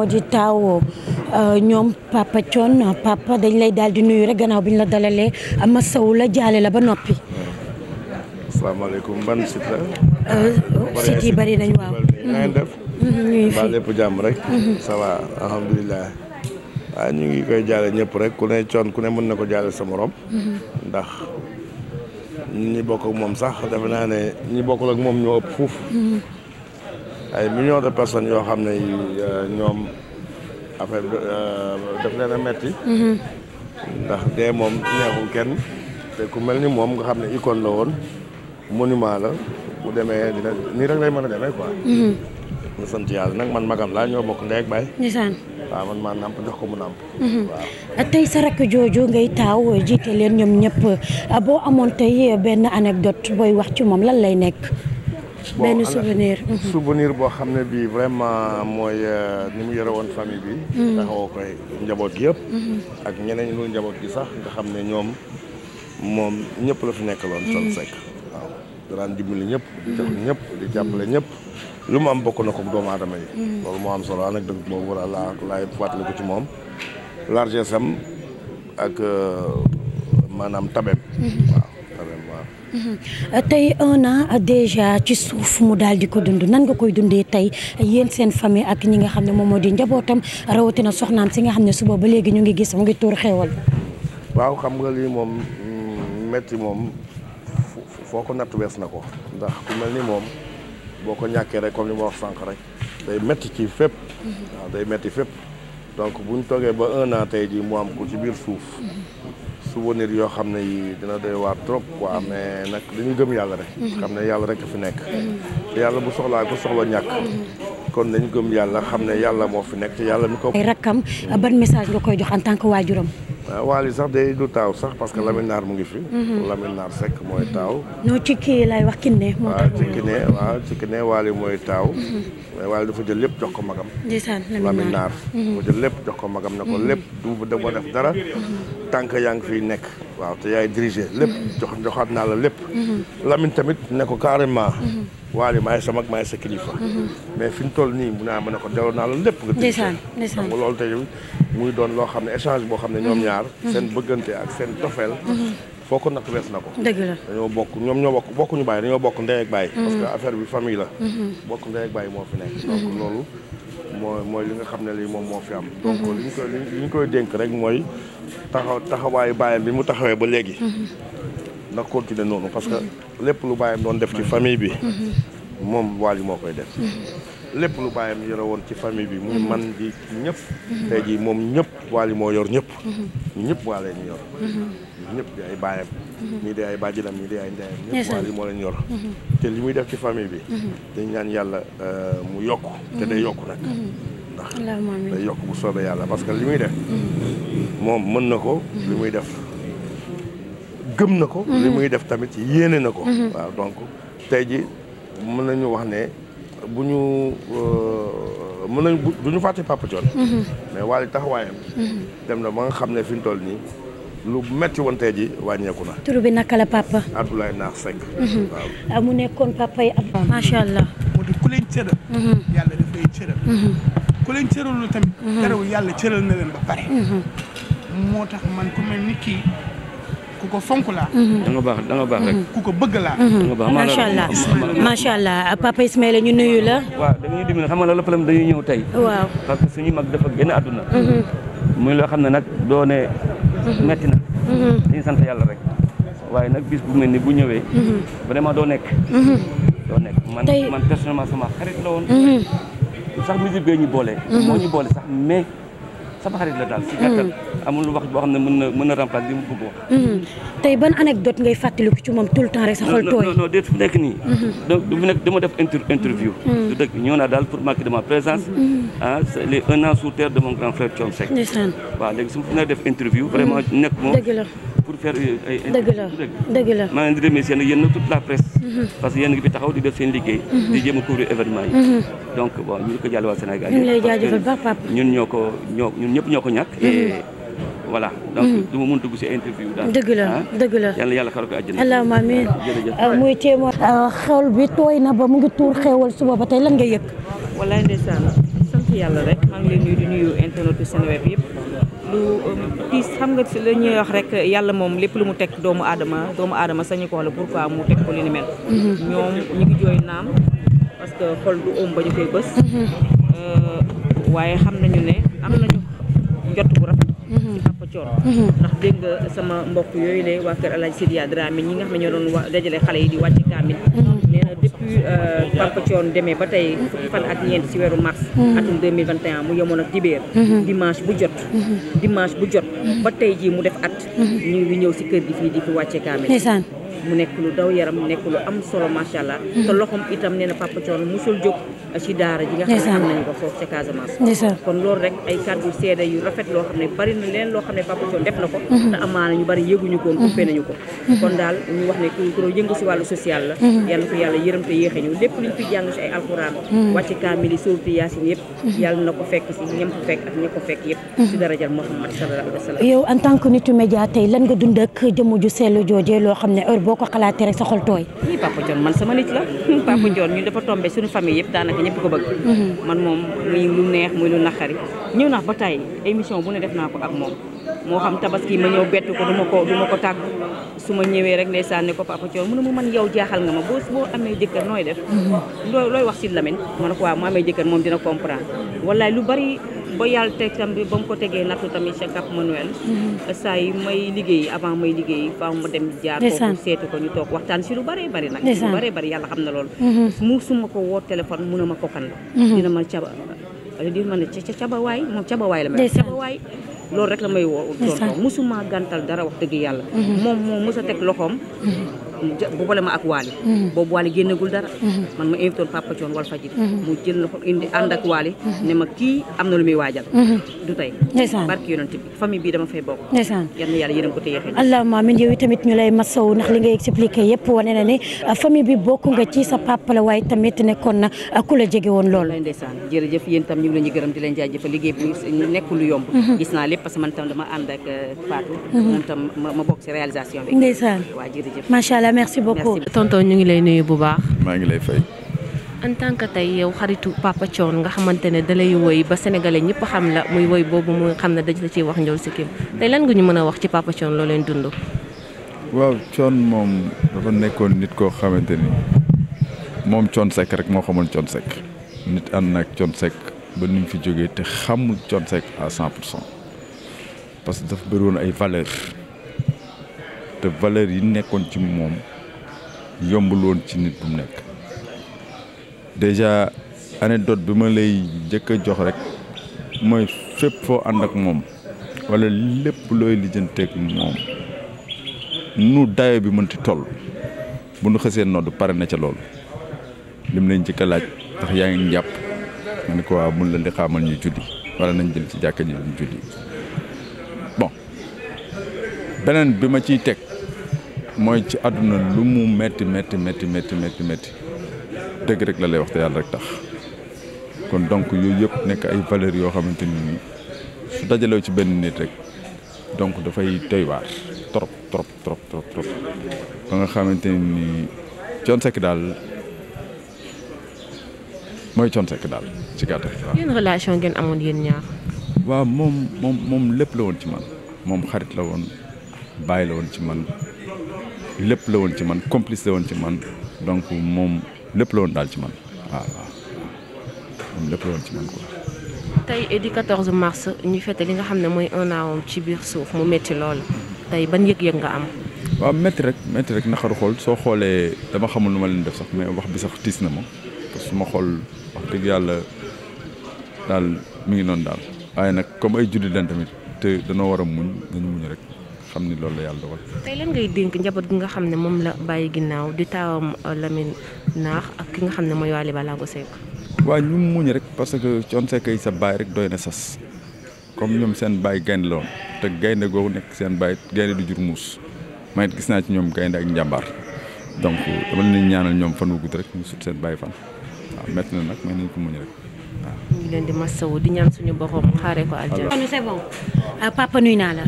moo di taaw euh, ñoom papa Thion papa dañ lay daal di nuyu rek gannaaw bi ñu la dalalee masawu la jaale la ba noppi. asalaamaaleykum ban site la. Euh, yi bari nañ waaw. Mm-hmm. Mm-hmm, lépp jàmm rek. Mm-hmm. ça va alhamdulilah. ñu ngi koy jaale ñëpp rek ku ne Thion ku ne mën na ko jaale sa morom. ndax ñi bokk ak moom sax defe naa ne ñi bokkul ak moom ñoo ëpp fuuf. ay million de personnes yoo xam ne euh, ñoom affaire euh, daf leen a metti mhm. ndax dee moom neexul kenn te ku mel ni moom nga xam ne icône la woon monument la bu demee dina nii rek lay mën a demee quoi ñu mhm. sant yàlla nag man magam laa ñoo bokk ndeeg baay ndeysaan waaw man maa nàmp jox ko mu nàmp mhm. waaw ah, tey sa rakk jooju ngay taaw jiite leen ñoom ñëpp ah, boo amoon tey eh, benn anecdote booy wax ci moom lan lay nekk benn souvenir mhm. souvenir boo xam ne bii vraiment mooy euh, ni mu yore woon famille bi mhm. taxawoo koy njaboot gi yëpp mhm. ak ñeneen ñu njaboot gi sax nga xam ne ñoom moom ñëpp la fi nekkaloon Thione Seck waaw daan dimbali ñëpp di jox ñëpp di jàppale ñëpp lu mu am bokk na ko doomu aadama yi loolu moo am solo nag dëgg boobu la laa laay fàttaliku ci moom largesse am ak euh, maanaam tabeb waaw Mhm. tey un an déjà ci suuf mu daal di ko dund nan nga koy dundee tey yéen seen famille ak ñi nga xam ne moom moo di njabootam rawatina soxnaam si nga xam ne suba ba léegi ñu ngi gis mu ngi tuur xéewal. waaw xam nga lii moom mm, metti moom foo ko natt wees na ko ndax ku mel ni moom boo ko ñàkkee rek comme li ma wax sànq rek day metti ci fépp. Mhm. waaw day metti fépp donc bu ñu toogee ba un tey jii mu am ko ci biir suuf. Mhm. su souvenirs yoo xam ne yi dina doy waar trop na mais nag dañuy gëm yàlla rek mhm. xam ne yàlla rek fi nekk mhm. te yàlla bu soxlaa ko soxla ñàkk mhm. kon nañu gëm yàlla xam ne yàlla moo fi nekk te yàlla mi ko rakkam ban message nga koy jox en tant que waajuram Euh, Waly sax day du taaw sax parce que Lamine Naar mu ngi fi. Mhm. Lamine Naar Seck mooy taaw. non ci kii lay wax Kiné. moo tax waaw ci waaw ci Kiné Waly mooy taaw. Mhm. mais Waly dafa jël lépp jox ko magam. ndeysaan Lamine Naar mu mhm. jël lépp jox ko magam ne ko lépp du dama def dara. tànk yaa ngi fi nekk. waaw te yaay dirigé lépp mm-hmm. jox joxaat naa la lépp mm-hmm. Lamine tamit ne ko carrément mm-hmm. waale maay sa mag maay sa kilifa mais fi mu toll nii mu naa mën a ko delloo naa la lépp nga ndeysaan ndeysaan nga loolu tey muy doon loo xam ne échange boo xam ne ñoom ñaar seen bëggante ak seen tofeel foo ko nag wees na ko dëgg la dañoo bokk ñoom ñoo bokk bokkuñu baay dañoo bokk ndey ak bàyyi parce que affaire bi famille la bokk ndey baay moo fi nekk donc loolu moo mooy li nga xam ne lii moom moo fi am. donc lu ñu koy li ñu koy dénk rek mooy taxaw taxawaayu baayam bi mu taxawee ba léegi. na continuer noonu parce que lépp lu baayam doon def ci famille bi. moom Wally moo koy def. lépp lu bàyyam yore woon ci famille bi muy mhm. man di ñëpp mhm. tey jii moom ñëpp waali moo yor ñëpp mhm. ñu ñëpp waalee ñu yor ñu ñëpp di ay baayam ñii di ay bàjjinam ñii di ay ndeyam ñëpp waali moo leen yor te li muy def ci famille bi dañ ñaan yàlla euh, mu yokk te day yokk nag ndax day yokk bu soobee yàlla parce que li muy def moom mën na ko li muy def gëm na ko li muy def tamit yéene na ko waaw donc tey ji mën nañu wax ne bu ñu euh, mën nañ bu du ñu fàtte Papa Thione mhm. mais Wally taxawaayam mhm. dem na ba nga xam ne fi mu toll nii lu metti woon tey ji wàññeeku na. tur bi naka la papa. Abdoulaye Naax Seck. Mhm. waaw ah, mu nekkoon papa yi ab. macha allah. moo di ku leen cëral. yàlla daf lay cëral. ku leen cëralul tamit. dara yàlla cëral na leen ba pare. moo tax man ku mel kii. ku ko fonk laa. Mhm. da nga baax da mhm. bëgg laa. Mhm. macha allah macha allah papa Ismaïla ñu nuyu la. waaw dañuy dimbali xam nga loolu problème dañuy ñëw tey. waaw parce que suñu mag dafa génn àdduna. muy loo xam ne nag doone ne metti na. dañuy sant yàlla rek. waaye nag bis bu mel ni bu ñëwee. vraiment doo nekk. doo nekk man man personnellement sama xarit la woon. sax musique bee ñu boole. moo ñu boole sax mais. sama xarit la daal si gàttal hmm. wax boo xam ne mën na mën na remplacer li mu bëgg wax hmm. tey ban anecdote ngay fàttaliku ci moom tout le temps rek sa xol tooy non non déet nekk nii hmm. donc du def interview du dëgg ñëw naa daal pour marquer de ma présence ah un an sous de mon grand frère Thione Seck waaw léegi def interview vraiment nekk moom pour faire euh, ay. dëgg la dëgg la maa leen di remercier nag yéen toute la presse. Mhm. parce que yéen ngi fi taxaw di def seen liggéey. Mhm. di jéem a événement yi. Mhm. donc bon ñu ngi ko jàll waa Sénégal. ñu ngi lay jaajëfal baax ñun ñoo ko ñoo ñoo ko ñàkk. voilà donc du ma dugg si interview daal. dëgg la ah. yàlla yàlla ko àjjana. Ah, ah, na mu ngi tuur xewal suba ba tey lan nga yëg. yëpp lu um, tiis xam nga la ñuy wax rek yàlla moom lépp lu mu teg doomu aadama doomu aadama sañu ko wax la pourquoi mu teg ko li ni mel mhm. parce que xol du oom ba ñu koy bës mhm. euh, waaye xam nañu ne am nañu njot bu rafet mhm. ci Papa Thion ndax dégg nga sama mbokk yooyu le waa kër Alaaji Sidiya Dramé ñi nga xam ne ñoo doon dajale xale yi di wàcce kaamil depuis euh, Papa Thione demee ba tey fukki fan ak ñeent ci weeru mars mhm. atum 2021 mu yemoon ak dibéer mhm. dimanche bu jot mhm. dimanche bu jot ba tey jii mu def at ñu ngi ñëw ci kër gi fii di fi wàcce kaamel mu nekk lu daw yaram mu nekk lu am solo macha allah. Mm-hmm. te loxoom la mm-hmm. yàlla ko yàlla yërëm te yéexe ñu lépp luñ fi jàng ci ay alxuraan mm-hmm. wàcc kaamil yi suuratu yaasin yëpp yow en tant que nitu média tey lan nga dund jëmm ju seelu jooje loo xam ne boo ko xalaatee rek sa xol tooy. oui Papa John man sama nit la. Papa John ñun dafa tombé suñu famille yëpp daanaka ñëpp ko bëgg. Mhm. man moom muy lu neex muy lu naqari ñëw naa ba tey émission bu ne def naa ko ak moom. moo xam tabaski ma ñëw bett ko du ma ko du ma ko tàggu su ma ñëwee rek ndeysaan ne ko papa Thion mu ne ma man yow jaaxal nga ma boo boo amee jëkkër nooy def. Mhm. looy looy wax si lamin ma ne ko waaw mu amee jëkkër moom dina comprendre. wallaay lu bari ba yàlla teg tam bi ba mu ko tegee nattu tamit ca Cap Manuel mm-hmm. saa yi may liggéey avant may liggéey faaw dem jaar ko seetu ko ñu toog waxtaan si lu bëree bëri nag si lu bëree bëri yàlla xam na loolu mm-hmm. mu su ma ko woo téléphone mun a ma kokan la mm-hmm. dina ma caba di ma ne ca cabawaay moom cabawaay la ma cabawaay loolu rek la may woo toon ko musuma gàntal dara wax dëgg yàlla moom moom mos a teg loxoom bu boole ma ak Waly mhm. boobu Waly génnagul dara mhm. man ma invité woon Papa Thione Walfadjri mhm. mu jël loxo indi ànd ak Waly ne ma kii am na lu muy waajal du tey ndeysaan barki yonent bi famille bii dama fay bokk ndeysaan yal na yàlla yërëm ko te yéexee allahumma amin yow tamit ñu lay masaw ndax li ngay expliqué yëpp wane na ne euh, famille bi bokk nga ci sa papa la waaye tamit nekkoon na euh, ku la jege woon lool ndeysaan jërëjëf yéen tam ñu ngi leen di gërëm di leen jaajëfal liggéey bi nekkul yomb gis naa lépp parce que man tam dama ànd ak euh, Fatou moom tam ma bokk ci réalisation bi voilà merci beaucoup. tonton ñu ngi lay nuyu bu baax. maa ngi lay fay. en tant que tey yow xaritu Papa Thione nga xamante ne dalay woy ba sénégalais ñëpp xam la muy woy boobu mu xam ne dañ la ciy wax njool si kim tey lan nga ñu mën a wax ci Papa Thione loo leen waaw coon moom dafa nekkoon nit koo xamante ni moom Thione Seck rek moo xamoon Thione Seck nit ànd ak Thione Seck ba nuñ fi jógee te xamul Thione Seck à cent pour que dafa bëri ay valeurs. te valeur yi nekkoon ci moom yombul ci nit bu mu nekk déjà dot bi ma lay njëkk a jox rek mooy fépp foo ànd ak moom wala lépp looy lijjanteeg moom nu dayo bi mënti toll bu nu xësee nodd pare na ca loolu lim lañ njëkk a laaj ndax yaa ngi njàpp nga ne ko waaw mun la di xaamal ñu julli wala nañ jël ci jàkka ji ñu julli beneen bi ma ciy teg mooy ci àdduna lu mu metti metti metti metti metti metti dëgg rek la lay wax yàlla rek tax kon donc yooyu yëpp nekk ay valeurs yoo xamante ni nii su dajalew ci benn nit rek donc dafay doy waar trop trop trop trop ba nga xamante ni Thione Seck daal mooy Thione Seck daal ci gàttal. yéen relation ngeen amoon yéen ñaar. waaw moom moom moom lépp la woon ci man moom xarit la woon. bàyyi la woon ci man lépp la woon ci man complice la woon ci man donc moom lépp la woon daal ci man waaw waaw moom lépp la woon ci man tey di 14 mars ñu fête li nga xam ne mooy un ci biir suuf mu métti lool tey ban yëg-yëg nga am. waaw métti rek métti rek naqaru xool soo xoolee dama xamul nu ma leen def sax mais wax bi sax tiis na ma parce que su ma xool wax dëgg yàlla daal mu ngi noonu daal waaye nag comme ay jullit lañ tamit te danoo war a muñ rek. xam ni loolu la yàlla dogal. tey lan ngay dénk njaboot gi nga xam ne moom la bàyyi ginnaaw di taawam euh, Lamine naax ak ki nga xam ne mooy Waly Ballago Seck. waaw ñu muñ rek parce que Thione Seck sa baay rek doy na comme ñoom seen baay gaynde la te gaynde googu nekk seen baay gaynde du jur muus man gis naa ci ñoom gaynde ak njàmbaar donc dama leen ñaanal ñoom fan wu gudd rek ñu sut seen baay fan waaw na nag ko muñ euh, naa la.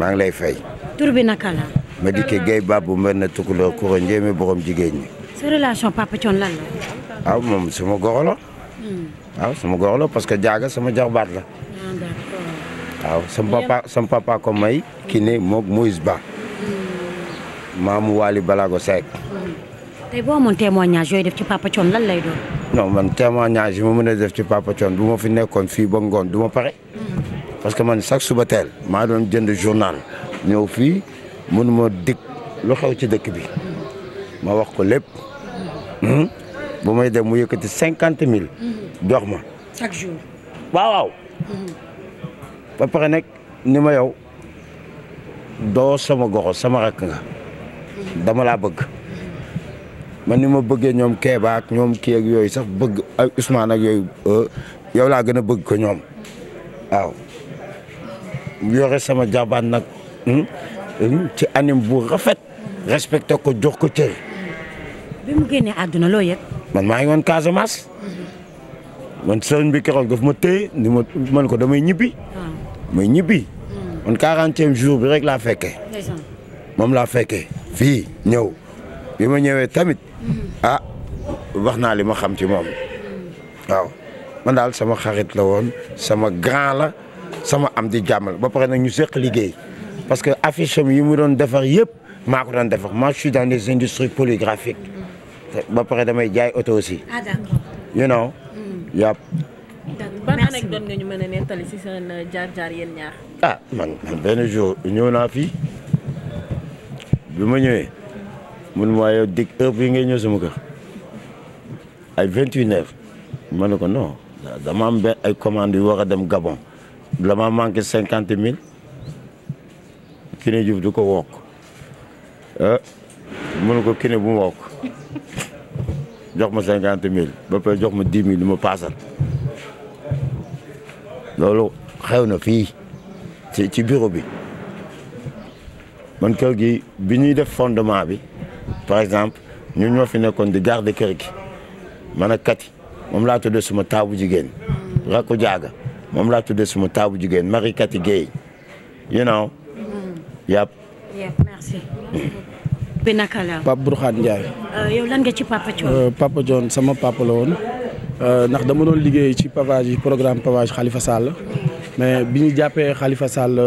maa ngi lay fay. tur bi naka la. ma dikkee Guèye Babou Mbène Tukulóor Koura Ndiémé borom jigéen ñi. sa relation Papa Thione lan la. waaw ah, moom sama goro la. waaw hmm. ah, sama goro la parce que jaaga sama jarbaat la. waaw ah, sama papa sama papa ko may. kii ne moog Moïse Ba. Hmm. maamu Waly Balago Seck. Hmm. tey boo amoon témoignage yooyu def ci Papa Thione lan doon. non man témoignage yi ma mën a def ci Papa Thione bu ma fi nekkoon fii ba ngoon du ma pare. parce que man chaque suba teel maa doon jënd journal ñëw fii mënu ma dig lu xew ci dëkk bi ma wax ko lépp hmm? bu may dem mu yëkkati cinquante mille dox hmm. ma chaque jour waaw waaw hmm. ba pare nag ni ma yow doo sama goxo sama rakk nga dama laa bëgg man ni ma bëggee ñoom keebaak ñoom kii ak yooyu sax bëgg ak Ousmane yooyu euh, yow laa gën a bëgg ko ñoom waaw yore sama jabaan nag hmm, hmm, ci anim bu rafet respecté ko jox ko cër. bi mu génnee man maa ngi woon Casamance man sëriñ bi keroog daf ma téye ni man ko damay ñibbi. Ah. may ñibbi. Hmm. man quarantième jour bi rek laa fekke moom laa fekke fii ñëw bi ma ñëwee tamit ah wax naa li ma xam ci moom waaw man daal sama xarit la woon sama grand la. sama am di jàmmal ba pare nag ñu seq liggéey parce que affiche am yi mu doon defar yëpp maa ko doon defar moi je suis dans industries polygraphiques ba pare damay jaay oto aussi. ah d'accord you know. Hmm. yàpp. ban anecdote euh, ah, ñëw naa fii bi ma ñëwee mun maa yow dig heure yi ngay ñëw sama kër ay vingt-une heures ma ne ko non dama am benn ay commandes yu war a dem Gabon. dama manqué cinquante mille Kiné Diouf du ko wokk ah mënu ko Kiné bu wok jox ma cinquante mille ba pare jox ma dix mille li ma paasal loolu xew na fii ci ci bi man kër gi bi ñuy def fondement bi par exemple ñun ñoo fi nekkoon di garder kër gi man ak kati moom laa tuddee suma taabu jigéen ra ko jaaga moom laa tuddee suma taabu jigéen Marie Cathy géey you know mm-hmm. yàpp merci bi naka la Pape Burkhane Ndiaye euh, yow Papa Thione euh, sama papa la woon euh, ndax dama doon liggéey ci pavage yi programme pavage xalifa Sall mais bi ñu jàppee xalifa Sall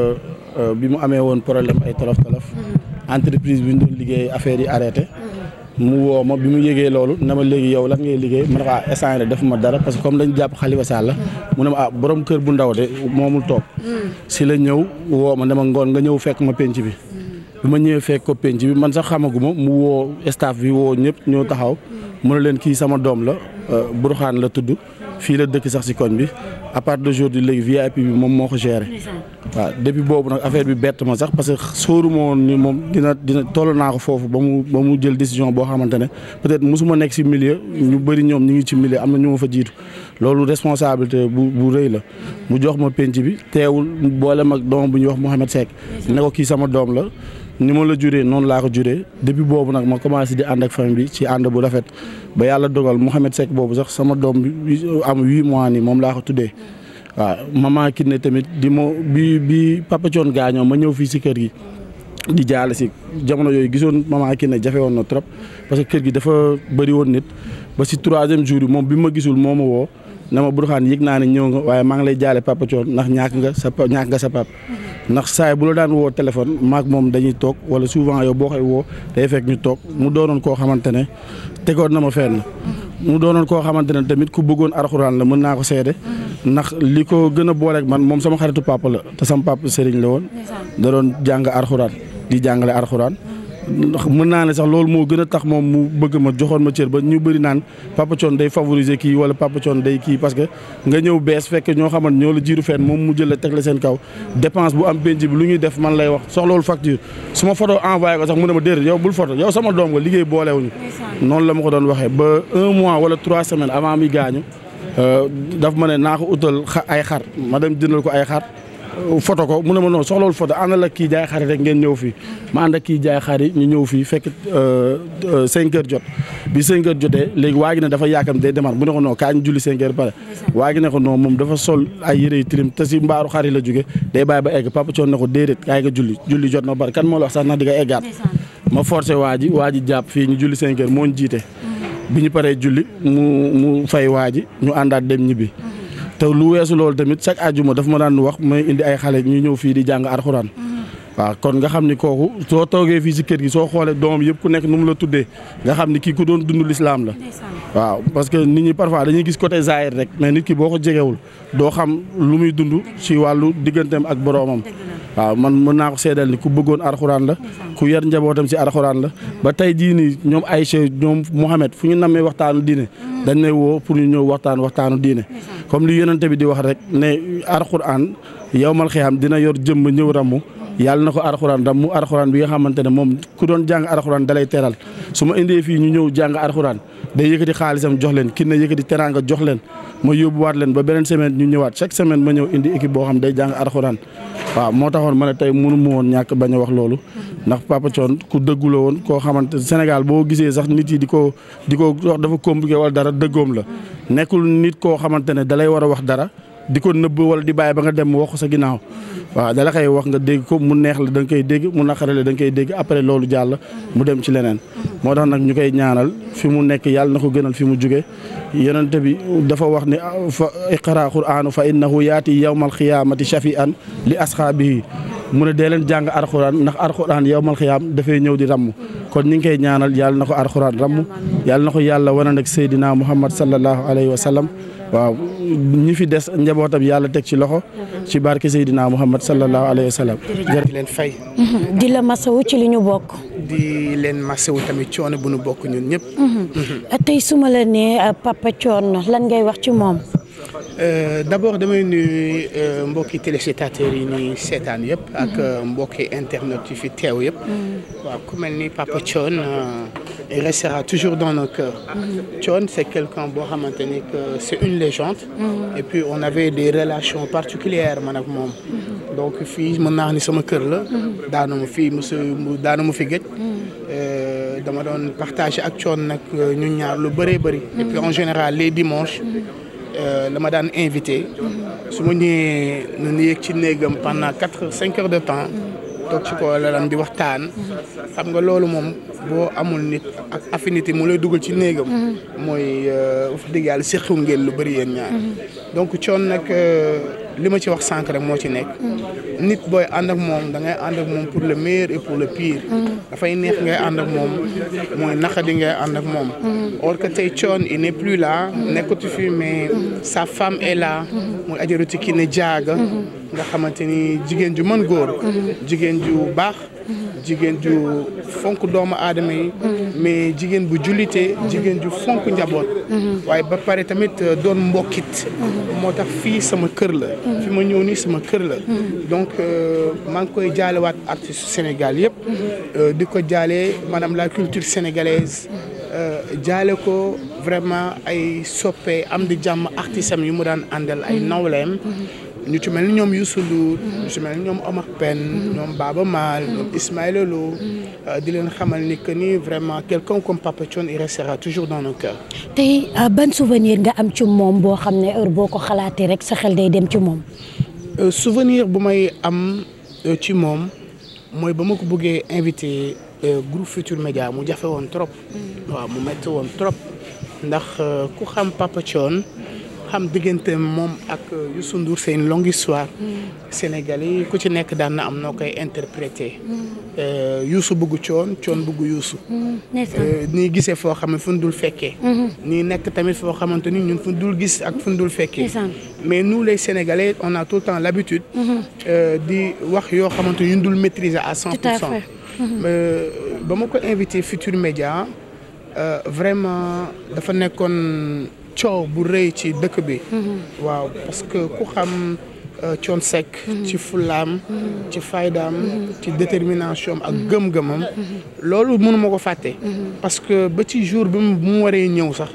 bi mu amee woon problème ay tolof tolof mm-hmm. entreprise bi ñu doon liggéey affaire yi arrêté mu woo ma bi mu yëgee loolu na ma léegi yow lan ngay liggéey ma ne ko ah instant yii defuma dara parce que comme dañu jàpp Khalifa Sall mu ne ma ah borom kër bu ndaw de moomul toog mm. si la ñëw woo ma ma ngoon nga ñëw fekk ma penc bi mm. bi ma ñëwee fekk ko penc bi man sax xamaguma mu woo staff bi woo ñëpp ñëw taxaw mm. mu ne leen kii sama doom la euh, Burxaan la tudd fii la dëkk sax si koñ bi à part d'aujourd'hui léegi VIP bi moom moo ko géré waaw depuis boobu nag affaire bi bett ma sax parce que sóoruma woon ni moom dina dina toll naa ko foofu ba mu ba mu jël décision boo xamante ne peut-être mosuma nekk si milieu ñu bëri ñoom ñu ngi ci milieu am na ñu ma fa jiitu loolu responsabilité bu bu rëy la mu jox ma penc bi teewul boole mag doom bu ñuy wax Mouhamed Seck ne ko kii sama doom la ni ma la juree noonu laa ko jure depuis boobu nag ma commencé di ànd ak famille bi ci ànd bu rafet ba yàlla dogal Mouhamed Seck boobu sax sama doom bi am huit mois nii moom laa ko tuddee waaw maman Kiné tamit di ma bi bi Papa Thione gaañoo ma ñëw fii si kër gi. di jaale si jamono yooyu gisoon maman Kiné jafe woon na trop parce que kër gi dafa bëri woon nit ba si troisième jour yi moom bi ma gisul moo ma woo. na ma Burxaan yëg naa ne ñëw nga waaye maa ngi lay jaale papa Thione ndax ñàkk nga sa ñàkk sa pap ndax saay bu la daan woo téléphone maak moom dañuy toog wala souvent yow boo koy woo te fekk ñu toog mu doonoon koo xamante ne tegoon na ma fenn mu doonoon koo xamante ne tamit ku bëggoon arxuraan la mën naa ko seede ndax li ko gën a booleeg man moom sama xaritu papa la te sama papa sëriñ la woon da doon jàng arxuraan di jàngale arxuraan ndax mën naa ne sax loolu moo gën a tax moom mu bëgg ma joxoon ma cër ba ñu bëri naan Papa day favoriser kii wala Papa Thione day kii parce que nga ñëw bees fekk ñoo xamante ñoo la jiiru fenn moom mu jël la teg la seen kaw dépense bu am penc bi lu ñuy def man lay wax soxlawul facture su ma photo envoyé ko sax mu ne ma déedéet yow bul photo yow sama doom nga liggéey boolewuñu noonu la ma ko doon waxee ba un mois wala trois semaines avant muy gaañu euh, daf ma ne naa ko utal ay xar ma dem jëndal ko ay xar photo ko mun ne ma noonu soxlawul photo ànd la kii jaay xari rek ngeen ñëw fii ma ànd ak kii jaay xari ñu ñëw fii fekk euh, euh, cinq heures jot bi cinq jotee léegi waa gi ne dafa yaakam day demar mu ne ko noonu kaa ñu julli cinq heures pare waa gi ne ko noonu moom dafa sol ay yëre yu tilim te si mbaaru xari la jóge day bàyyi ba egg papa coon ne ko déedéet kaay nga julli julli jot na pare kan moo la sax na di nga eggaat ma forcé waa ji waa ji jàpp fii ñu julli cinq moo ñu mm-hmm. bi ñu paree julli mu mu fay waa ji ñu àndaat dem ñibbi mm-hmm. te lu weesu loolu tamit chaque àjjuma dafa ma daan wax may indi ay xale ñuy ñëw fii di jàng arxuraan. Mm-hmm. waaw kon nga xam ni kooku soo toogee fii si kër gi soo xoolee doom yëpp ku nekk nu mu la tuddee nga xam ni kii ku doon dund lislaam la. waaw parce que nit ñi parfois dañuy gis côté zaahir rek mais nit ki boo ko jegewul doo xam lu muy dundu si wàllu digganteem ak boroomam. waaw man mën naa ko seedal ni ku bëggoon arxuraan la ku yar njabootam si arxuraan la mm-hmm. ba tey jii nii ñoom Aïcha ñoom Mouhamed fu ñu namee waxtaanu diine mm-hmm. dañ lay woo pour ñu ñëw waxtaan waxtaanu diine comme li yonente bi di wax rek ne alxuraan yowmal xiyaam dina yor jëmm ñëw ramu yàlla na ko arxuraan dam mu arxuraan bi nga xamante ne moom ku doon jàng arxuraan dalay teral su ma indee fii ñu ñëw jàng arxuraan day yëkkati xaalisam jox leen kii na yëkkati teraanga jox leen ma yóbbuwaat leen ba beneen semaine ñu ñëwaat chaque semaine ma ñëw indi équipe boo xam day jàng arxuraan waaw moo taxoon ma ne tey mënu woon ñàkk bañ a wax loolu ndax Papa Thione ku dëggu woon koo xamante Sénégal boo gisee sax nit yi di ko di ko wax dafa compliqué wala dara dëggoom la nekkul nit koo xamante ne dalay war a wax dara di ko nëbb wala di bàyyi ba nga dem wax sa ginnaaw waaw dala xay wax nga dégg ko mu neex la da nga koy dégg mu naqare la da koy dégg après loolu jàll mu dem ci leneen moo tax nag ñu koy ñaanal fi mu nekk yàlla na ko gënal fi mu jóge yonente bi dafa wax ne fa iqra qur'anu fa innahu yaati yawmal qiyaamati shafi'an li asxaabihi mu ne dee leen jàng arxuraan ndax arxuraan yow mal xiyaam dafay ñëw di ramm kon ñi ngi koy ñaanal yàlla na ko arxuraan ramm yàlla na ko yàlla wane nag Seydina Muhammad sallallahu alayhi wa sallam ñi fi des njabootam yàlla teg ci loxo ci barke Seydina Muhammad sallallahu alayhi wa sallam. di leen fay. di la masawu ci li ñu bokk. di leen masawu tamit coono bu ñu bokk ñun a tey su ma la nee Papa Thione lan ngay wax ci moom. Euh, d'abord damay nuyu euh, mbokki téléspectateurs yi ñuy seetaan yëpp. ak euh, mbokki internet yi fi teew yëpp. Mm. waaw ku mel ni Papa Thione restera toujours dans nos cœurs. Mm. Thione c'est quelqu'un boo xamante ni que c'est une légende. Mm. et puis on avait des relations particulières man ak moom. Mm-hmm. donc fii mën naa ni sama kër la. Mm-hmm. daanu ma fii monsieur daanu ma fi gëj. dama doon partager ak Thione nag ñun ñaar lu bëree bëri. et puis en général les dimanches. Mm-hmm. Euh, la ma daan invité su ma ñëwee nañu yéeg ci néegam pendant quatre cinq heures de temps toog ci ko lalam di waxtaan xam nga loolu moom boo amul nit ak affinité mu lay dugal ci néegam mm-hmm. mooy euh, wax dëgg yàlla séqu ngeen lu bëri yéen ñaar mm-hmm. li ma ci wax sànq moo ci nekk. nit booy ànd ak moom da ngay ànd ak moom pour le meilleur et pour le pire. dafay neex ngay ànd ak moom mooy naqadi ngay ànd ak moom. or que tey coon il n'est plus là nekkatu fi mais sa femme est là. mooy ajaratu ki ne jaaga. nga xamante ni jigéen ju mën góor. jigéen ju baax. jigéen ju fonk doomu aadama yi mais jigéen bu jullite jigéen ju fonk njaboot waaye ba pare tamit euh, doon mbokkit moo tax fii sama kër la fi ma ñëw nii sama kër la donc euh, maa ngi koy jaalewaat artiste Sénégal yëpp euh, di ko jaalee maanaam la culture sénégalaise jaale ko vraiment ay soppe am di jàmm artisam yu mu daan àndal ay nawleem ñu ci mel ni ñoom Youssou Ndour ñu ci mel ni ñoom Omar Pène ñoom Baba Maal ñoom Ismaël Lo euh, di leen xamal ni que ni vraiment quelqu'un comme Papa Thione il restera toujours dans nos cœurs. tey euh, ban souvenir nga am ci moom boo xam ne heure boo ko xalaatee rek sa xel day dem ci moom. Euh, souvenir bu may am ci moom mooy ba ma ko buggee invité groupe Futur Média mu jafe woon trop. Mm. waaw mu métti woon trop ndax ku xam Papa Thione xam diggante moom ak euh, Youssou Ndour c'est une longue histoire. Mm. Sénégalais ku ci nekk daan na am noo koy interprété. Mm. Euh, Youssou bëgg coon coon bëgg Youssou. Mm. Euh, nii gisee foo xam ne fu dul fekkee. Mm-hmm. nii nekk tamit foo xamante ni ñun fu dul gis ak fu ñu dul fekkee. mais nous les Sénégalais on a tout le temps l'habitude mm-hmm. di wax yoo xamante ni ñu dul maîtriser à cent pour cent. Mm-hmm. ba ma ko invité Futur Média. Euh, vraiment dafa nekkoon coow bu rëy ci dëkk bi. Mhm. waaw parce que ku xam euh, Thione Seck. Mhm. ci fulaam. Mhm. ci faydaam. ci détermination ak gëm-gëmam. loolu mënu ko fàtte. parce que ba ci jour bi mu waree ñëw sax.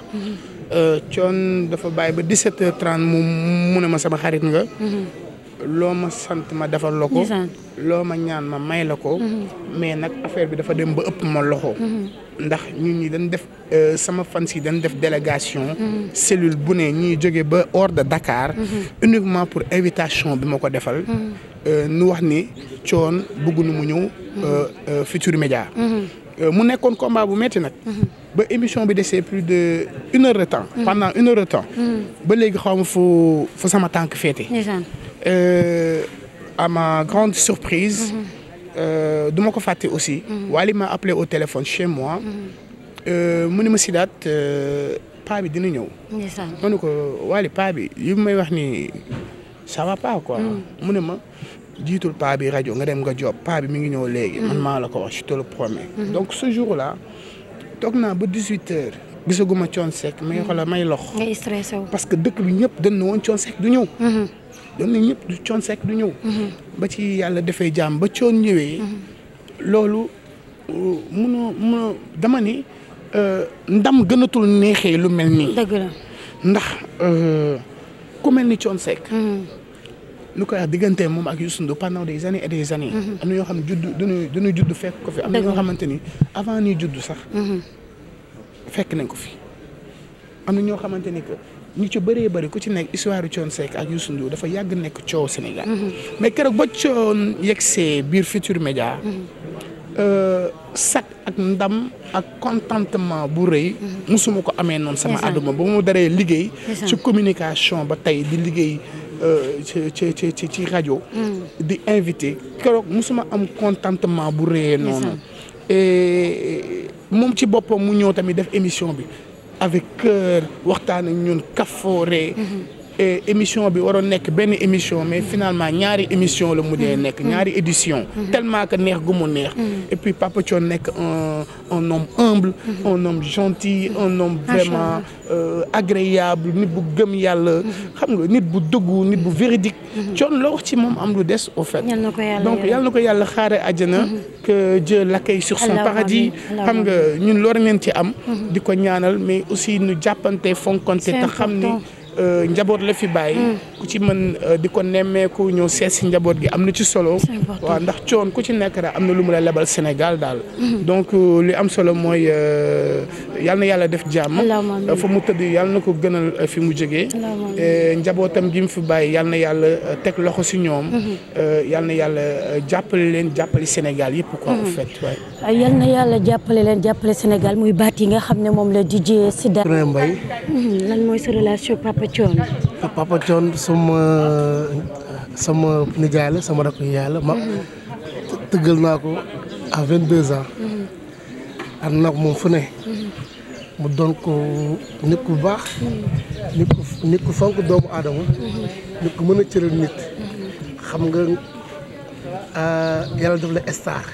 coon euh, dafa bàyyi ba 17h30 mu mu ne ma sama xarit nga. loo ma sant ma defal la ko loo ma ñaan ma may la ko mhm. mais nag affaire bi dafa dem ba ëpp ma loxo mhm. ndax ñu ñi dañ def euh, sama fans yi dañ def délégation mhm. cellule bu ne ñuy jóge ba hors de Dakar uniquement pour invitation bi ma ko defal euh, nu wax ni coon bëgg nu mu ñëw euh, Futurs Médias mu nekkoon combat bu metti nag ba émission bi desee plus de une heure de temps pendant une heure temps ba léegi xaw ma fu fu sama tànk féete Euh, à ma grande surprise. Mhm. Euh, du ma ko fàtte aussi. Mhm. Wally m'a appelé au téléphone chez moi. Mhm. Euh, mu ni ma Sidath euh, paa bi dina ñëw. ndeysaan ma ne ko Wally paa bi li may wax ni ça va pas quoi. mu ne ma jiitul paa bi rajo nga dem nga job paa bi mi ngi ñëw léegi. ma maa la ko wax je te le donc ce jour là toog naa ba dix huit heures. gisaguma Thione Seck may xoolal may lox. ngay stressé parce que dëkk bi ñëpp dañ na woon Thione Seck du ñëw. doon nañ ñëpp du du ñëw. ba ci yàlla defee jàmm ba coon ñëwee. loolu munoo munoo dama ni euh, ndam gënatul neexee lu mel nii. dëgg la ndax euh, ku mel ni coon mm-hmm. lu koy wax diggante moom ak Youssou Ndour pendant des années et des années. Mm-hmm. am na ñoo xam ne judd dañuy dañuy fekk ko fi. am na ñoo xamante ni avant ñuy judd sax. Mm-hmm. fekk nañ ko fi am na ñoo xamante ni ñu ci bëree bëri ku ci nekk histoire yu ak Youssou Ndour dafa yàgg nekk coow Sénégal. Mhm. mais keroog ba Thione yegsee biir Futurs Médias. Mhm. Euh, sag ak ndam ak contentement bu rëy. Mhm. musuma ko amee noonu sama àdduma ba mu daree liggéey. ci communication ba tey di liggéey euh, ci ci ci ci rajo. di invité keroog musuma am contentement bu rëyee noonu. moom ci boppam mu ñëw tamit def émission bi. avec cœur waxtaan ak ñun kafoore mm-hmm. Eh, émission bi waroon nekk benn émission mais finalement ñaari émission la mu dee mm. nekk ñaari mm. édition mm-hmm. tellement que neex gu mu neex mm. et puis Papa Thione nekk un un homme humble mm-hmm. un homme gentil mm-hmm. un homme euh, nit bu gëm yàlla xam nga nit bu dëggu nit bu véridique Thione loo wax ci moom am lu des au fait donc yàlla na ko yàlla xaare àjjana que Dieu l'accueille sur son paradis xam nga ñun loolu ngeen ci am di ko ñaanal mais aussi ñu jàppante fonkante te xam ni Euh, njaboot la fi bàyyi. Mm. ku ci mën euh, di ko nemmeeku ñëw seet si njaboot gi am na ci solo. waaw ndax coon ku ci nekk rek am na lu mu la lebal Sénégal daal. Mm-hmm. donc euh, li am solo mooy yal na yàlla def jàmm. fa mu tëdd yal na ko gënal fi mu jógee. njabootam gi mu fi bàyyi yal na yàlla teg loxo si ñoom. Mm-hmm. yal na yàlla jàppale leen jàppale Sénégal yëpp quoi en mm-hmm. fait yal na yàlla jàppale leen jàppale Sénégal muy baat yi nga xam ne moom la DJ Sida. lan mooy sa relation papa Thione. Papa Thione sama sama nijaay la sama rakk yaay la ma tëggal naa ko a vingt deux ans. ànd naa ko moom fu ne. mu doon ko nit ku baax. nit ku nit ku doomu aadama. nit ku mën a cëral nit. xam nga ah, yàlla def la star.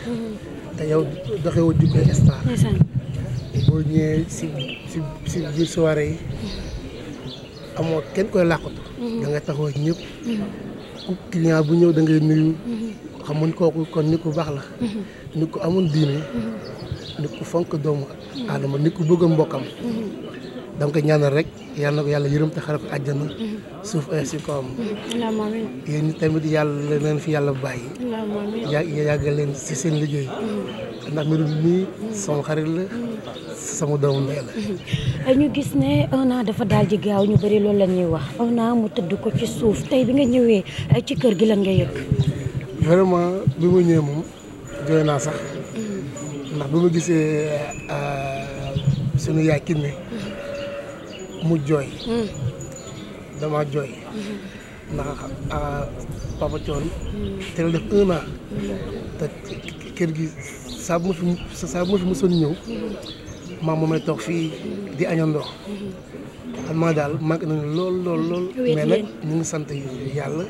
te yow doxewoo jubbee star. boo ñëwee si si si biir soirée yi. amoo kenn koy làqatu mhm. da nga taxaw ak ku client bu ñëw da ngay nuyu mhm. xamuñ kooku kon nit ku baax la mhm. nit ku amoon diine nit ku fonk doomu aadama nit ku bëgg mbokkam da nga koy rek yàlla na ko yàlla yërëm te xare ko àjjana mhm. suuf ay eh, si kawam yéen tamit yàlla leen fi yàlla bàyyi yàgg leen si seen liggéey mhm. ndax mbirum nii mhm. sama xarit la sama doomu ndey la ñu gis ne un an dafa daal di gaaw ñu bëri loolu la ñuy wax un naa mu tëdd ko ci suuf tey bi nga ñëwee eh, ci kër gi lan nga yëg vraiment bi ma ñëwee moom jooy naa sax ndax bi ma gisee euh, sunu yaay Kiné mu jooy. Mm. dama jooy. Mm-hmm. ndax ah, papa Thione. Mm. te la def mm. te kër gi saa bu ma fi saa bu ma fi mësoon ñëw. Mm-hmm. maam moom toog fii mm-hmm. di añandoo. xam nga daal mag nañu lool lool lool. mais nag ñu ngi sant yàlla.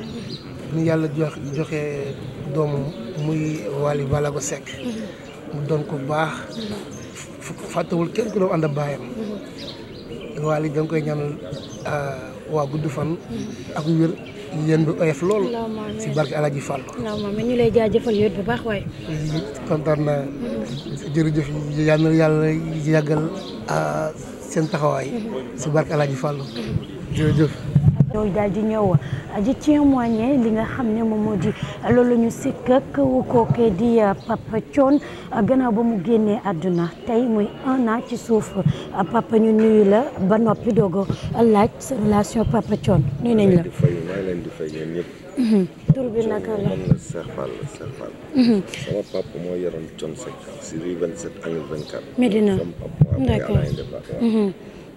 ñu yàlla jox joxe doomu muy Wally Ballago Seck. mu doon ko baax. fàttewul kenn ku doon ànd baayam. waali da nga koy ñaanal euh, waa gudd fan ak wér yéen bi oyof lool si barke Alaaji Fàllu mais ñu lay jaajëfal yow bu baax waaye kontaan naa jërëjëf yal na yàlla yàggal euh, seen taxawaay si barke Alaaji Fàllu jërëjëf ñëw daal di ñëw di témoigner li nga xam ne moom moo di loolu ñu sikk ak kookee di euh, Papa Thione gannaaw ba mu génnee àdduna tey muy un an ci suuf papa ñu nuyu la ba noppi doog a laaj sa relation Papa Thione nuyu nañ la.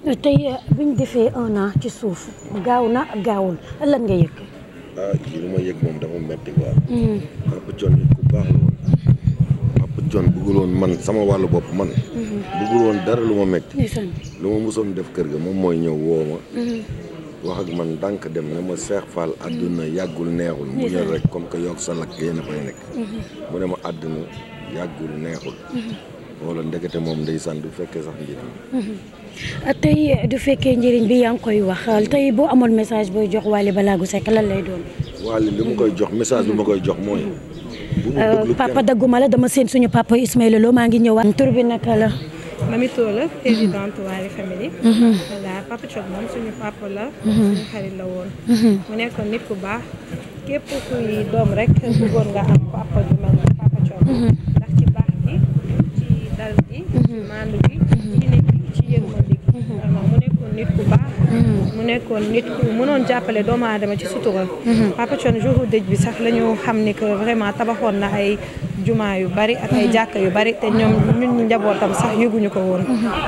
tey eh, bi defee un an ci suuf gaaw na ak gaawul lan nga yëg. ah li ma yëg moom dafa metti quoi. Hmm. Papa Thione nit woon. man sama wàllu bopp man. Hmm. bëggul woon dara lu ma metti lu ma mosoon def kër ga moom mooy ñëw woo ma. Hmm. wax ak man dànk dem na ma Cheikh Fall àdduna yàggul neexul mu ñor rek comme que sa lakk yéen a fay mu ne ma àdduna yàggul neexul wala ndekete moom ndeysaan du fekkee sax njëriñ tey du fekkee njëriñ bi yaa ngi koy wax tey boo amoon message booy jox Wally Ballago Seck lan lay doon. Wally li mu koy jox message bi koy jox mooy. Euh, papa dagguma la dama seen suñu papa Ismaïla maa ngi ñëwaat. tur bi naka la. Mami Tour la présidente Wally mhm. la. Mhm. suñu xarit mhm. mu nekkoon nit ku baax képp kuy doom rek. bëggoon nga am papa ju mel papa Thion. ndax ci baax gi ci dal gi. ci maandu gi. mu nekkoon nit ku baax mu nekkoon nit ku mënoon jàppale doomu aadama ci sutura Papa Thione jour dëj bi sax la ñu xam ni que vraiment tabaxoon na ay jumaa yu bari ak ay jàkka yu bari te ñoom ñun ñu njabootam sax yëguñu ko woon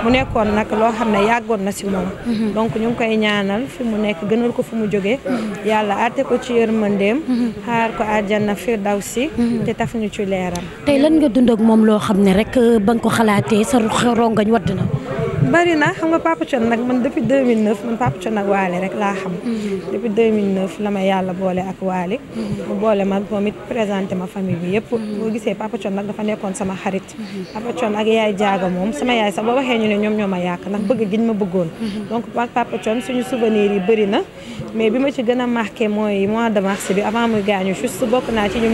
mu nekkoon nag loo xam ne yàggoon na si moom donc ñu ngi koy ñaanal fi mu nekk gënal ko fu mu jógee yàlla àtte ko ci yërmandeem xaar ko àjjana firdawsi te taf ñu ci leeram tey lan nga dund moom loo xam ne rek ba nga ko xalaatee sa rongañ wadd na bari xam nga Papa Thione nag man depuis 2009 man Papa Thione ak Waly rek laa xam. Mhm. depuis 2009 la ma yàlla boole ak Waly. Mhm. mu boole ma moom it présenté ma famille bi yëpp. Mhm. boo gisee Papa Thione nag dafa nekkoon sama xarit. Papa Thione ak yaay jaaga moom sama yaay sax boo waxee ñu ne ñoom ñoo ma yàq ndax bëgg giñ ma bëggoon. donc ak Papa Thione suñu souvenirs yi bëri mais bi ma ci gën a marqué mooy mois de mars bi avant muy gaañu juste bokk naa ci ñu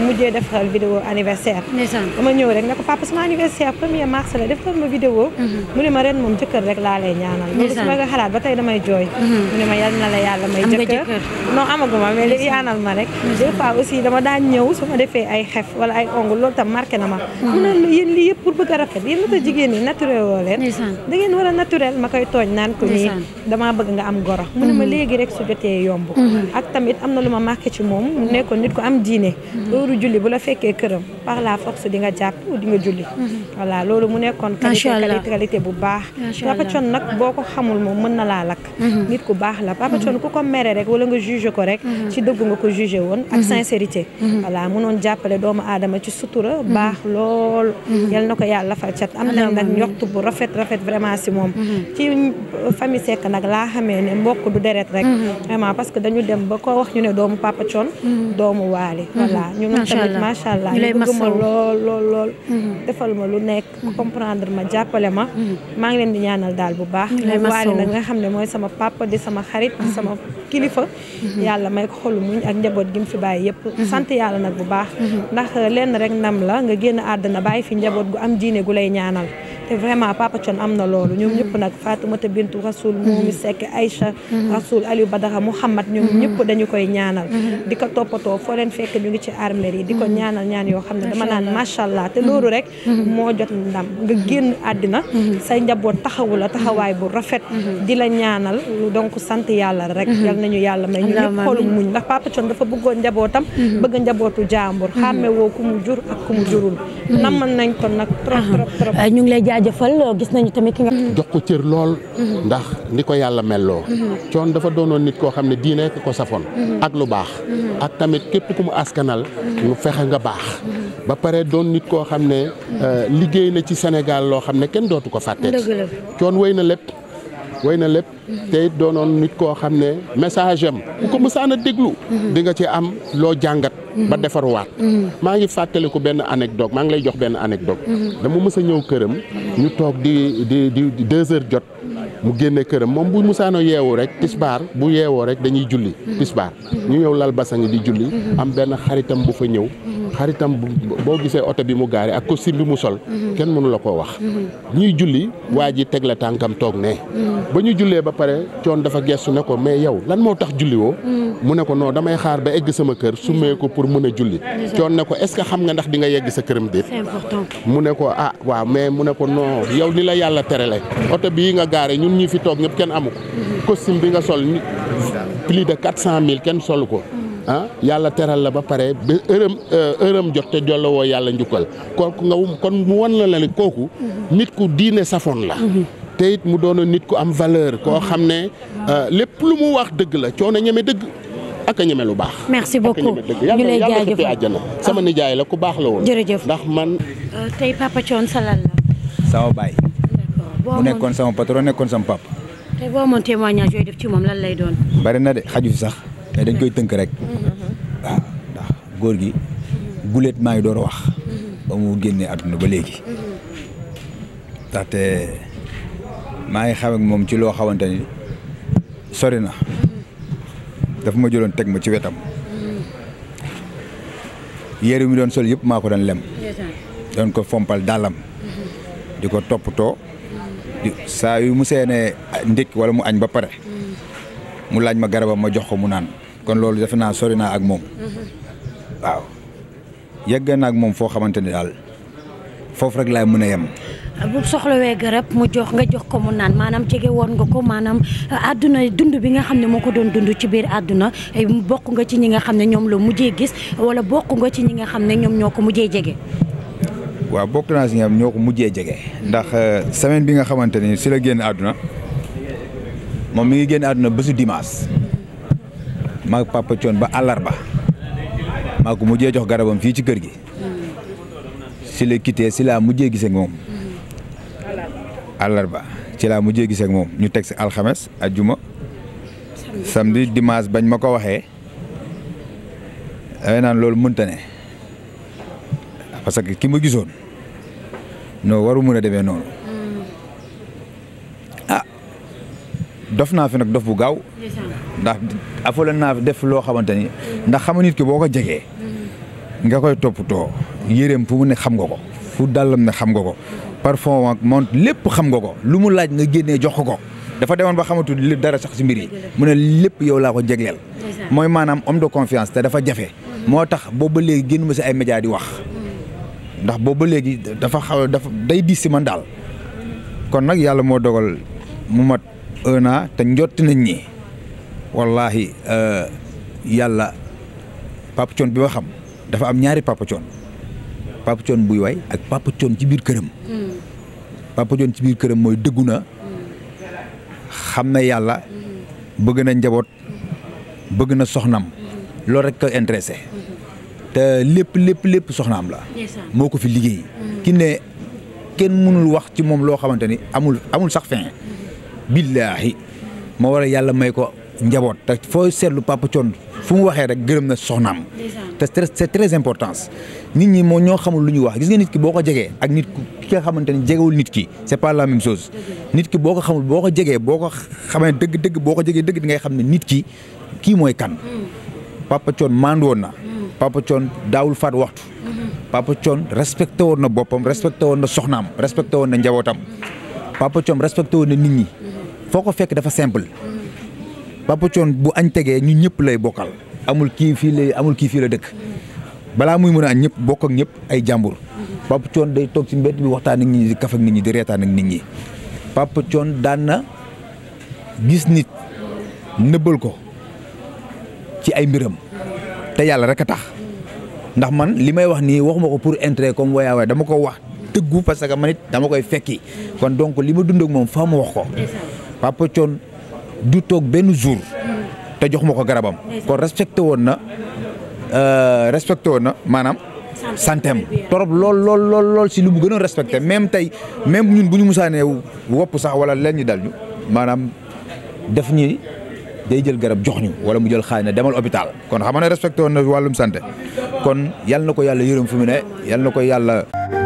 rek laa lay ñaanal. loolu su ma ko xalaat ba tey damay jooy. mu ne ma yal na la yàlla may jëkkër non amaguma mais léegi yaanal ma rek. des fois aussi dama daan ñëw su ma defee ay xef wala ay ongles loolu tam marqué na ma. mu ne yéen lii yëpp pour bëgg a rafet yéen la da a naturel ma koy tooñ naan ko nii damaa bëgg nga am goro. mu ne ma léegi rek su jotee yomb. ak tamit am na lu ma marqué ci moom mu nekkoon nit ku am diine. loolu julli bu la fekkee këram par la force di nga jàpp di nga julli. voilà loolu mu nekkoon qualité qualité Papa Thione nag boo ko xamul moom mën na laa lakk mhm. nit ku baax la Papa Thione ku ko mere rek wala nga juge ko rek mhm. ci dëgg nga ko juge woon ak mhm. sincérité voilà mënoon jàppale doomu aadama ci sutura baax lool yal na ko yàlla fal cat am na nag njoxtu bu rafet rafet vraiment si moom ci fami Seck nag laa xamee ne mbokk du deret rek vraiment parce que dañu dem ba ko wax ñu ne doomu Papa Thione doomu Waly voilà ñu noonu tamit macha allah ñu bëgg ma lool lool lool defal ma lu nekk comprendre ma jàppale ma daal bu baax waali nag nga xam ne mooy sama papa di sama xarit sama kilifa mm-hmm. yàlla may ko xolu muñ ak njaboot gi mu fi bàyyi yëpp mm-hmm. sant yàlla nag bu baax mm-hmm. ndax lenn rek nam la nga génn àdduna bàyyi fi njaboot gu am diine gu lay ñaanal te vraiment Papa Thione am na loolu ñoom ñëpp nag Fatoumata Bintou Rasoul Momi Seck Aïcha Rasoul Aliou Badara Mouhamad ñoom ñëpp dañu koy ñaanal di ko toppatoo foo leen fekk ñu ngi ci armée yi di ko ñaanal ñaan yoo xam ne dama naan macha allah te loolu rek moo jot ndam nga génn àddina say njaboot taxawul a taxawaay bu rafet di la ñaanal donc sant yàlla rek yal nañu yàlla may ñu ñëpp xoolu muñ ndax Papa dafa bëggoon njabootam bëgg njabootu jaambur xàmmewoo ku mm-hmm. ko nag trop trop trop jaajëfal gis nañu tamit ki nga. Mm-hmm. jox ko cër lool. Mm-hmm. ndax ni ko yàlla meloo mm-hmm. coon dafa doonoon nit koo xam ne diine ko safoon. ak lu baax. ak tamit képp ku mu askanal. ñu fexe nga baax. ba pare doon nit koo xam ne. Euh, liggéey na ci Sénégal loo xam ne kenn dootu ko fàtte. coon wéy na lépp. way na lépp te it doonoon nit koo xam ne message am ku ko mësaan déglu di nga ci am loo jàngat ba defaruwaat maa ngi fàttaliku benn anecdote maa ngi lay jox benn anecdote dama mës a ñëw këram ñu toog di di di deux heures jot mu génne këram moom bu musaano yeewu rek tisbaar bu yeewoo rek dañuy julli tisbaar ñu ñëw lal basangi di julli am benn xaritam bu fa ñëw xaritam boo gisee oto bi mu gaare ak costume bi mu sol kenn mënu la koo wax ñuy julli waa ji teg la tànkam toog ne ba ñu jullee ba pare coon dafa gestu ne ko mais yow lan moo tax julli woo mu ne ko noo damay xaar ba egg sama kër summee ko pour mën a julli coon ne ko est-ce que xam nga ndax di nga yegg sa këram déet mu ne ko ah waaw mais mu ne ko noo yow ni la yàlla tere terale oto bii nga gaare ñun ñi fi toog ñëpp kenn amu ko bi nga sol plus de quatre cent mille kenn solu ko Ah, yàlla teral la ba pare ba ërëm euh, ërëm jot te jollowoo yàlla njukkal kooku nga kon mu wan la ne kooku nit ku diine safoon la te it mu doona nit ku am valeur koo xam ne euh, lépp lu mu wax dëgg la coono ñeme dëgg ak a ñeme lu baax merci beaucoup ñu lay jaajëfal àjjana sama ah. nijaay la ku baax la woon jërëjëf ndax man euh, tey papa coon salal la sama baay mu nekkoon sama patron nekkoon sama papa bari na de xaju sax dañ koy tënk rek góor gi guléet maa ngi door a wax ba mu génnee àdduna ba léegi ndaxte maa ngi xam ak moom ci loo xamante ni sori na dafa ma jëloon teg ma ci wetam yére mi doon sol yëpp maa ko doon lem doon ko fompal dàllam di ko toppatoo di saa yu mu seenee ndékk wala mu añ ba pare mu laaj ma garabam ma jox ko mu naan kon loolu defe naa sori naa ak moom waaw yegg moom foo xamante ni daal foofu rek laay mën a yem. bu soxlawee garab mu jox nga jox ko mu naan maanaam jege woon nga ko maanaam àdduna dund bi nga xam ne moo ko doon dund ci biir àdduna bokk nga ci ñi nga xam ne ñoom la mujjee gis wala bokk nga ci ñi nga xam ne ñoom ñoo ko mujjee jege. waaw bokk naa si ñoom ñoo ko mujjee jege. ndax euh, semaine bi nga xamante ni si la génn àdduna moom mi ngi génn àdduna bésu dimaas maa papa ba àllarba maa ko mujjee jox garabam fii ci kër gi si la quitté si laa mujjee gisee moom àllarba ci laa mujjee gisee moom ñu teg si alxames ajjuma samedi dimanche bañ ma ko waxee damay naan loolu mënta ne parce que ki ma gisoon noo waru mën a demee noonu mm. ah dof naa fi nag dof bu gaaw ndax afala naa def loo xamante ni ndax xama nit boo ko jegee nga koy toppatoo yéreem fu mu ne xam nga ko fu dàllam ne xam nga ko parfum ak mont lépp xam nga ko lu mu laaj nga génnee jox ko ko dafa demoon ba xamatu lépp dara sax si mbir yi mu ne lépp yow laa ko jegleel mooy maanaam homme de confiance te dafa jafe moo tax boobu ba léegi génn ma si ay média di wax ndax boobu ba léegi dafa xaw dafa day diis si man daal kon nag yàlla moo dogal mu mat un te njott nañ ñi wallaahi euh, yàlla Papa Thione bi ma xam dafa am ñaari Papa Thione Papa Thione buy way ak Papa Thione ci biir këram. Hmm. Papa Thione ci biir këram mooy dëggu na xam na yàlla hmm. bëgg na njaboot bëgg na soxnam hmm. loolu rek ko te lépp lépp lépp soxnaam la. moo ko fi liggéey. ki ne kenn mënul wax ci moom loo xamante ni amul amul sax fin. billaahi ma war a yàlla may ko. njaboot te foo seetlu Papa Thione fu mu waxee rek gërëm na soxnaam. te c'est très important nit ñi moo ñoo xamul lu ñuy wax gis nit ki boo ko jegee ak nit ki nga xamante ni jegewul nit ki c'est pas la même chose. nit ki boo ko xamul boo ko jegee boo ko xamee dëgg dëgg boo ko jegee dëgg di ngay xam ne nit ki kii mooy kan. Mm. Papa Thione woon na. Mm. Papa daawul faat waxtu. Mm-hmm. Papa Thione woon na boppam respecté woon na soxnaam respecté woon na njabootam mm-hmm. Papa Thione respecté woon na nit ñi. Mm-hmm. foo ko fekk dafa simple. Papa Thione bu añ tegee ñu ñëpp lay bokkal amul kii fii lay amul kii fii la dëkk balaa muy mën a añ ñëpp bokk ak ñëpp ay jàmbur Papa Thione day toog ci mbedd bi waxtaan ak nit ñi di kaf ak nit ñi di reetaan nit ñi Papa Thione daan na gis nit nëbbal ko ci ay mbiram te yàlla rek a tax ndax man li may wax nii waxuma ko pour intérêt comme waaye waaye dama ko wax tëggu parce que man it dama koy fekki kon donc li ma dund ak moom faa ma wax ko du toog benn jour te jox ma ko garabam kon respecté woon na euh, respecté woon na maanaam santem torop lool lool lool lool si lu mu gën a respecté même tey même ñun bu ñu musaanee wopp sax wala lenn ñu dal ñu maanaam def ñi day jël garab jox ñu wala mu jël xaaj na demal hôpital kon xam nga respecté woon na wàllum santé kon yal na ko yàlla yërëm fu mu ne yal na ko yàlla